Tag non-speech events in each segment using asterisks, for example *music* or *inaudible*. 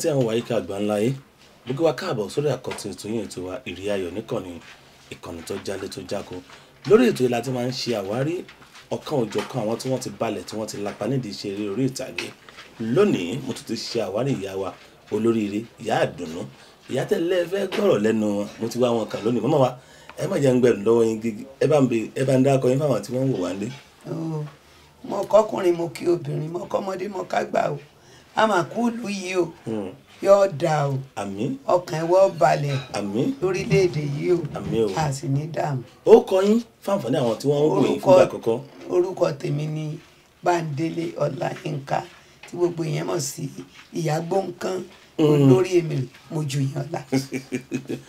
ẹ̀yin tí àwọn wáyé ká àgbà ńlá yé gbogbo wa káàbọ̀ sórí àkọ́tì ètò yìí ètò wa ìrí ayọ̀ níkànnì ìkànnì tó jálé tó jáko lórí ètò yìí la ti máa ń ṣe àwárí ọ̀kan òjọ̀kan àwọn tí wọ́n ti balẹ̀ tí wọ́n ti lapa nídìí iṣẹ́ orí ìtàgé lónìí mo tún ti ṣe àwárí ìyá wa olóríire ìyá àdùnnú ìyá tẹ́lẹ̀ fẹ́ gbọ́rọ̀ lẹ́nu wọn mo ti wá wọn kà lónìí mọ́mọ́ wa ẹ mo kọkùnrin mo kí obìnrin mo kọ́mọdé àmàkúlù yìí o hmm. yóò dà o ọkàn ẹwọ balẹ̀ lórílẹ̀-èdè yìí o a sì ní dààmú. ó kọ yín fáǹfààní àwọn tí wọ́n ń wòye fúngbà kọ́kọ́. orúkọ tèmi ni Bándélé Ọláyínká tí gbogbo èèyàn mọ̀ sí ìyá gbọ̀ǹkan hmm. olórí èmi mo jù yàn la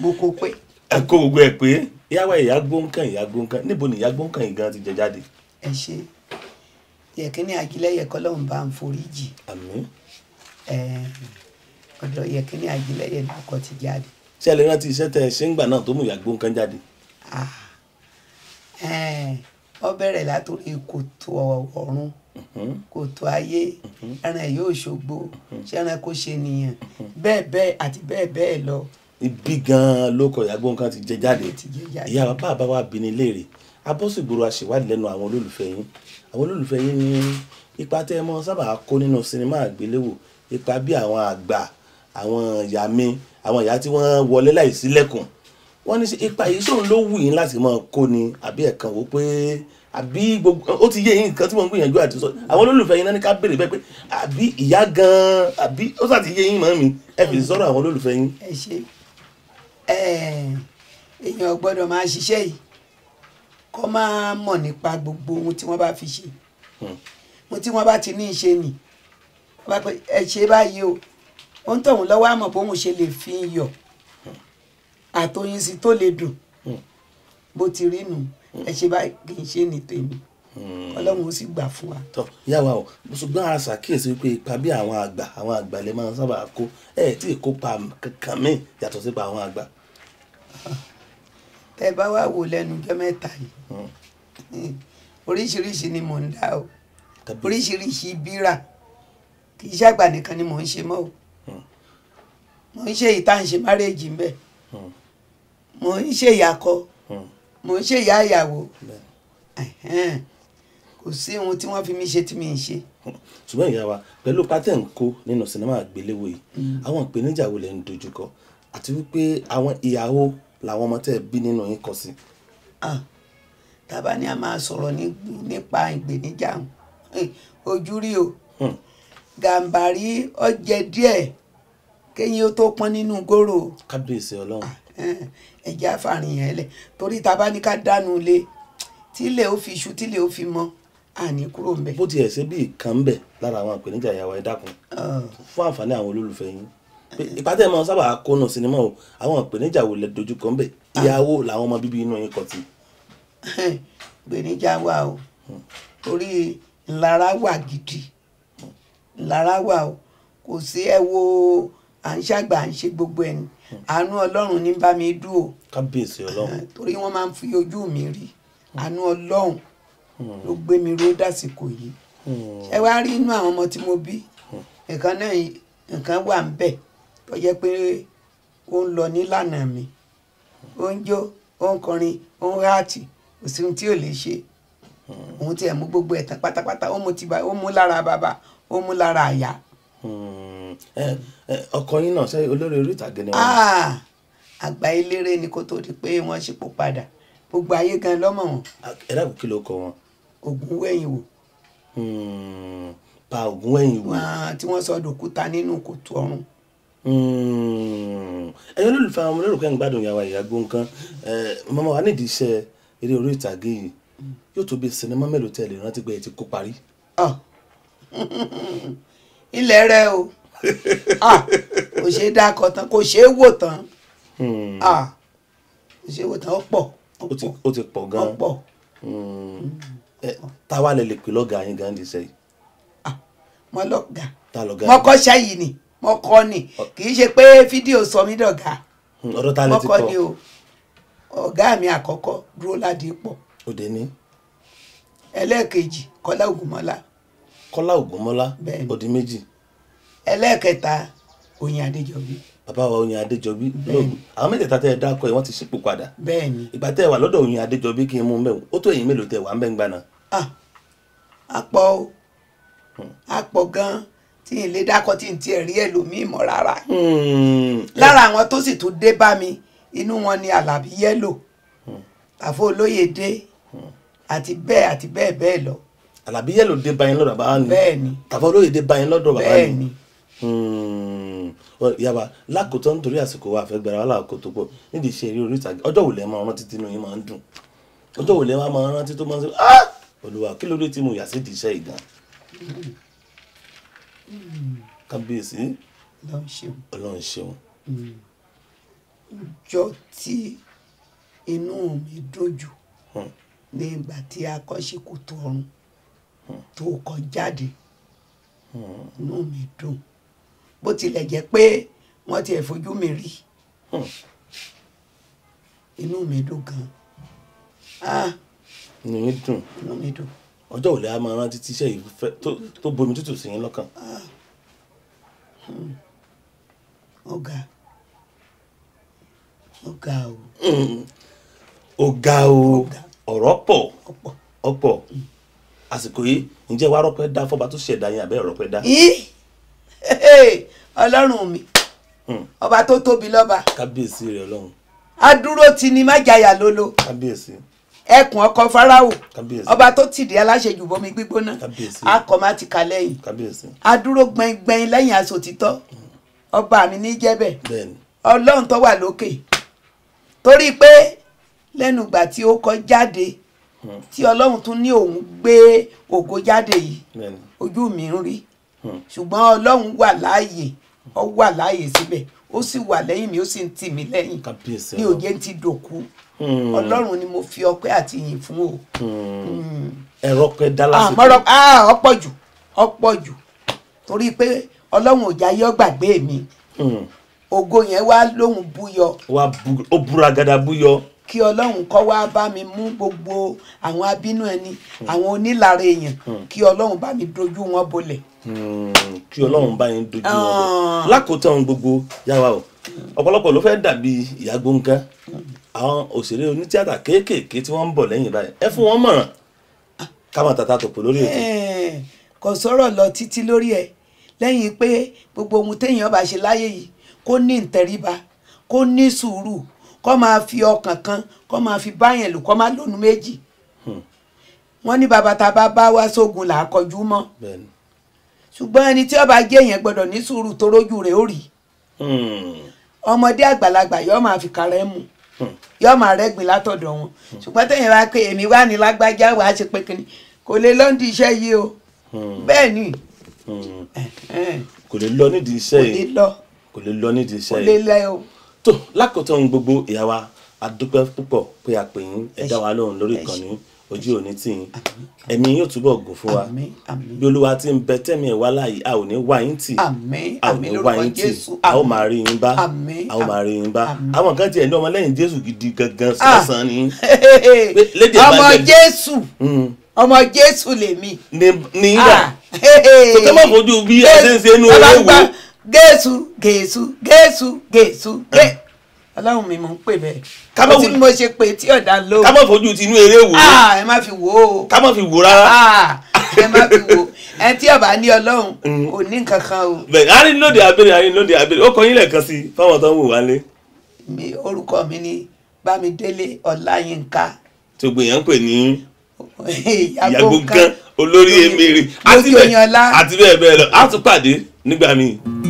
mo kó pé. ẹ kó gbogbo ẹ pé yàwá ìyá gbọ̀ǹkan ìyá gbọ̀ǹkan níbo ni ìyá gbọ̀ǹkan yìí gan ti jẹ jáde. ẹ ṣe yẹkínní àjílẹ yẹkọ lọhùn bá ń forí jì ọ̀dọ̀ Yẹkínní Àjílẹ̀yẹ lórúkọ ti jáde. ṣé ẹ lè rántí iṣẹ́ tẹ ẹ ṣe ń gbà náà tó mú ìyàgbó nǹkan jáde. Ah, ó bẹ̀rẹ̀ látòrí kòtò ọ̀run kòtò ayé ẹran yóò ṣògbó ṣẹran kó ṣe nìyàn bẹ́ẹ̀ bẹ́ẹ̀ àti bẹ́ẹ̀ bẹ́ẹ̀ lọ. ibi gan-an ló kọ ìyàgbó nǹkan ti jẹ jáde ìyá bàbá àbáwá bíní léèrè abọ́sùgbòrò àṣèwádìí lẹ́nu àwọn olólùfẹ́ yín àwọn olólùfẹ́ yín ní ipa tẹ́ ẹ mọ́ sábà kó nínú sinimá àgbéléwò ipa bí àwọn àgbà àwọn ìyá mi àwọn ìyá tí wọ́n wọlé láì sílẹ̀kùn wọ́n ní ipa yìí sóun ló wù yín láti máa kó ni àbí ẹ̀kan wò pé àbí gbogbo ó ti yé yín nǹkan tí wọ́n ń gbìyànjú àti sọ àwọn olólùfẹ́ yín náà ní ká béèrè bẹ́ẹ̀ pé àbí ìyá gan-an àbí ó sà ti yé yín màámi ẹ fi sọ̀rọ̀ àwọn olólùfẹ́ yín. ẹ ṣe èèyàn gbọ́dọ̀ máa ṣiṣẹ́ yìí kó máa mọ̀ nípa gbogbo ohun tí wọ́n bá fi ṣe hmm. ohun tí wọ́n bá ti ní í ṣe nìyí wá pé ẹ ṣe báyìí o ó ń tọ̀hún lọ́wọ́ àmọ̀ bóun ṣe lè fi iyọ̀ àtọyìn sí tó lè dùn bó ti rí nù ẹ ṣe báyìí kì í ṣe ní tèmi ọlọ́run ó sì gbà fún wa. tọ yàwá o ṣùgbọ́n a ṣàkíyèsí wípé ipa bí àwọn àgbà àwọn àgbà lè máa ń sábà kó ẹ tí ì kópa kankan míì yàtọ̀ sípa àwọn àgbà. tẹ bá wà wò lẹ́nu jọ mẹ́ta yìí hmm. oríṣiríṣi ni mò ń dá o oríṣiríṣi bírà kì í ṣàgbà nìkan ni mò ń ṣe mọ́ o hmm. mò ń ṣe ìta ń ṣe márèèjì ń bẹ̀ hmm. mò ń ṣe ìyàkọ hmm. mò ń ṣe ìyá ìyàwó kò sí ohun tí wọ́n fi mí ṣe tí mi ń ṣe. ṣùgbọ́n ìyá wa pẹ̀lú pátẹ́ ń kó nínú sinimá àgbéléwò yìí àwọn ìpèníjà wo lè ń dojúkọ àti wípé àwọn ìyàwó làwọn ọmọ tẹ́ ẹ bí nínú yín kọ sí. tàbá ni a máa sọ̀rọ̀ nípa ìpèníjà eh, ojú rí o. Hmm. Gàǹbàrí ọjẹ díẹ̀ kéyìn ó tó pọ́n nínú gòrò. kábíyèsí ọlọ́run. Ah, eh, ẹ̀jẹ̀ àfààrin yẹn lẹ̀ torí ta bá ní ká dánú ilé tílẹ̀ ó fi iṣu tílẹ̀ ó fi mọ́ àní kúrò ńbẹ̀. bó tiẹ̀ ṣe bí ìkan ńbẹ̀ lára àwọn àpèníjà ìyàwó ẹ dákun ah. fún àǹfààní àwọn olólùfẹ́ yín ìpàdé máa sábà kónú sinimá o àwọn ìpèníjà wò lẹ dojú kan ńbẹ̀ ah. ìyàwó làwọn ọmọ bíbí inú yín kọ ti. *laughs* ìpèníjà wà o hmm. orí ńlára wà gidi lára wa o kò sí ẹ wo à ń ṣàgbà à ń ṣe gbogbo ẹni àánú ọlọ́run ní bá mi dùn o kábíyèsí ọlọ́run eh, torí wọ́n máa ń fi ojú mi rí àánú ọlọ́run hmm. ló gbé mi ró dàsìkò yìí hmm. ẹ wá rí inú àwọn ọmọ tí mo bí hmm. nǹkan náà nǹkan wà ń bẹ̀ tó jẹ́ pé ó ń lọ nílànà mi ó ń jó ó ń kọrin ó ń ráàtì kò sí ohun tí ò lè ṣe òun tiẹ̀ mú gbogbo ẹ̀ tán pátápátá ó mú lára bàbá ó mú lára àyà. Hmm. ọkọ yín náà ṣe olórí orí ìtàgé ni wọn. Ah, àgbà eléré ni kó tó di pé wọ́n ṣípò padà gbogbo ayé gan lọ́mọ wọn. Ah, ẹ dákun kí ló kọ wọn. ògùn wẹ̀yìn wò. Hmm. pa ògùn wẹ̀yìn wò. Ah, tí wọ́n sọ dòkúta nínú kòtò ọ̀run hmm. ẹyin olólùfẹ́ àwọn ọmọlẹ́rù kẹ́hìn gbádùn ìyàwó ìyàgbó nǹkan mama wa nídìí iṣẹ́ eré orí ìtàgé yìí yóò tó bí sinimá mélòó tẹ̀lé rántí pé ẹ ti kó parí. *laughs* ilẹ̀ rẹ o *laughs* ah, kò ṣeé dákọ̀ tán kò ṣeé wò tán hmm. ah, kò ṣeé wò tán ó pọ̀ ó ti pọ̀ gan-an ó pọ̀ hmm. hmm. eh, táwa lè lè pè lọ́gàá yín gan-an níṣẹ́ yìí. Ah, mo lọ́gàá mo kọ́ ṣáyìí ni mo kọ́ ni kì í ṣe pé fídíò sọ mí dọ̀gá mo kọ́ ni o ọ̀gá mi àkọ́kọ́ dúró ládìí pọ̀. ẹlẹ́ẹ̀kejì kọ́lá ògùnmọ́lá kọ́lá ògúnmọ́lá ó di méjì. ẹlẹ́ẹ̀kẹta oyin adéjọbí. bàbá wa oyin adéjọbí lóògùn àwọn mẹ́tẹ̀ẹ̀ta tẹ́ ẹ dákọ ẹ̀ wọ́n ti ṣípò padà. bẹ́ẹ̀ni. ìgbà tẹ́ ẹ wà lọ́dọ̀ oyin adéjọbí kí n mú mẹ́wọ̀n ó tó ẹ̀yin mélòó tẹ́ wà ń bẹ́ ń gbaná. àpọ̀ o àpọ̀ gan-an tí n lè dákọ tí n tiẹ̀ rí ẹlòmíì mọ́ rárá. Hmm. lára àwọn tó sì tún dé bá mi inú wọn ni àlàbí yẹ́lò hmm. àfọ olóyè dé hmm. àti bẹ́ẹ̀ àti bẹ́ẹ̀ bẹ́ẹ̀ lọ àlàbí yẹlò dé báyìí lọ́dọ̀ bàbá ni tàbá olóyè dé báyìí lọ́dọ̀ bàbá ni hmm. yaba lákòótọ́ nítorí àsìkò wa àfẹ́ gbẹ̀rẹ̀ wàhálà kò tó pọ̀ nídìí ṣe eré orí ìtàgé ọjọ́ wo lẹ́ máa rántí tínú yín máa ń dùn ọjọ́ wo lẹ́ máa rántí tó máa ń sọ ah olùwà kí ló dé tí mo yà sí ìdí iṣẹ́ kábíyèsí ọlọ́run ṣeun. Hmm. ọjọ́ tí inú mi dojú hmm. ní tí akọ́ṣekù tó ọrùn tó kọ jáde inú mi dùn bó tilẹ̀ jẹ́ pé wọ́n ti ẹ̀ fojú mi rí inú mi dùn gan-an. Ah. inú mi dùn inú mi dùn. ọjọ́ òlẹ̀ a máa rántí tíṣẹ́ yìí tó bomi tútù sí yín lọ́kàn. ọ̀gá ah. hmm. ọ̀gá o. ọ̀gá hmm. o ọ̀rọ̀ pọ̀ ọ̀pọ̀ àsìkò yìí ǹjẹ́ wàá rọ́pẹ́ dá fọba tó ṣẹ̀dá yẹn àbẹ́ rọ́pẹ́ dá. yìí ọlọ́run mi hmm. ọba tó tóbi lọ́ba. kábíyèsí rẹ ọlọ́run. adúró ti ni májàyà lólo. kábíyèsí. ẹkùn ọkọ fáráwò. kábíyèsí. ọba tó tìdí aláṣejù bomi gbígbóná. kábíyèsí. akọ má ti kà lẹ́yìn. kábíyèsí. adúró gbẹngbẹng lẹ́yìn asòtítọ́. Hmm. ọba mi ní jẹ́bẹ̀. bẹ́ẹ̀ni. ọlọ́run tó wà lókè. torí pé lẹ́nu ìgbà tí ó kọ jáde Hmm. tí ọlọ́run tún ní òun gbé ògo jáde yìí ojú mi ń rí hmm. ṣùgbọ́n ọlọ́run wà láàyè ó wà láàyè síbẹ̀ ó sì wà lẹ́yìn mi ó sì ń tì mí lẹ́yìn ní òye ń ti dòkú hmm. ọlọ́run ni mo fi ọpẹ́ àti ìyìn fún o. ẹ̀rọ pẹ́ dálá sí i. Ah, ọ̀pọ̀ ah, jù ọ̀pọ̀ jù torí pé ọlọ́run ò jáyé ọgbàgbé mi ògo yẹn wá lóhùn búyọ. wá ó búra gada búyọ kí ọlọ́run kó wá bá mi mú gbogbo àwọn abínú ẹni àwọn onílára èèyàn hmm. kí ọlọ́run bá mi dojú wọn bolẹ̀. Hmm. kí ọlọ́run bá yín dojú wọn bolẹ̀ ah. lákòótán gbogbo yàrá o hmm. ọ̀pọ̀lọpọ̀ ló fẹ́ dàbí ìyá gbóǹkà àwọn òṣèré onítíátà kéékèèké tí wọ́n ń bọ̀ lẹ́yìn báyìí ẹ fún wọn mọ̀ràn ah. káwọn tata tòpò lórí ètò. Eh, kò sọ̀rọ̀ lọ títí lórí ẹ̀ lẹ́yìn pé gbogbo ohun téèyàn bá ṣe láyé yìí kó ní ìtẹríba kó ní sùúrù kọ́ máa fi ọkàn kan kọ́ máa fi báyẹn lò kọ́ máa lónú méjì hmm. wọ́n ní bàbá tá a bá bá wá sógun là á kọjú mọ́ ṣùgbọ́n ẹni tí ọba jẹ́ yẹn gbọ́dọ̀ ní sùúrù tó rójú rẹ̀ ó rí hmm. ọmọdé àgbàlagbà yóò máa fi kàrẹ́ mu hmm. yóò máa rẹ́gbìn látọ̀dọ̀ wọn ṣùgbọ́n tẹ̀yìn wá pé èmi wà ní lágbájá wà á ṣe pé kínní kò lè lọ nídìí iṣẹ́ yìí o bẹ́ẹ̀ ni kò lè lọ nídìí iṣẹ́ yìí kò lè lọ nídìí iṣẹ́ yìí kò lè lọ o tó lákòótán gbogbo ìyá wa a dúpẹ́ púpọ̀ pé a pè yín ẹ dá wa lóhùn lórí ìkànnì ojú òní tì yín ẹ̀mí yóò túbọ̀ gùn fún wa bí olúwa ti ń bẹ tẹ́mi ẹ̀ wá láàyè a ò ní wá yín tì a ò ní wá yín tì a ó máa rí yín bá a ó máa rí yín bá àwọn kan tiẹ̀ ní ọmọlẹ́yìn jésù gidi gangan ah. sàn ni. ọmọ jésù hmm. ọmọ jésù lèmi. ní ìgbà tó tẹ́ mọ̀ fojú bí ẹ ṣe ń ṣe inú ewé wo géésù géésù géésù géésù géésù ọlọ́run mi mò ń pè bẹ́ẹ̀. kámọ́ fojú tí mo ṣe pé tí ọ̀dà ló. kámọ́ fojú ti inú eré wò. Ah, ẹ má fi wò ó. kámọ́ fi wò rárá. Ah, ẹ má fi wò ẹ tí ọba ní ọlọ́run mm. ò ní nǹkan kan o. bẹ́ẹ̀ arínlóde abẹ́rẹ́ arínlóde abẹ́rẹ́ ó kọ yín lẹ́ẹ̀kan sí i fáwọn tó ń wò wálé. mi orúkọ mi ni bámidélé ọláyínká. tó gbìyànjú ń pè ní ìyàgbọ́n kan olórí emèrè àti bẹ́ẹ̀ bẹ́ẹ̀ lọ á tún pàdé nígbà míì.